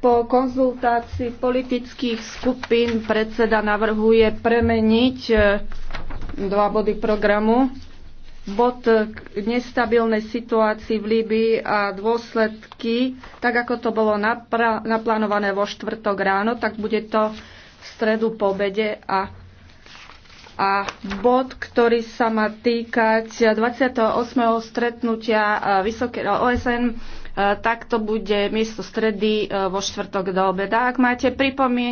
Po konzultácii politických skupín predseda navrhuje premeniť e, dva body programu. Bod k nestabilnej situácii v Líbii a dôsledky, tak ako to bolo naplánované vo štvrtok ráno, tak bude to v stredu po obede a a bod, ktorý sa má týkať 28. stretnutia e, OSN E, tak to bude miesto stredy e, vo štvrtok do obeda. Ak máte pripomienky,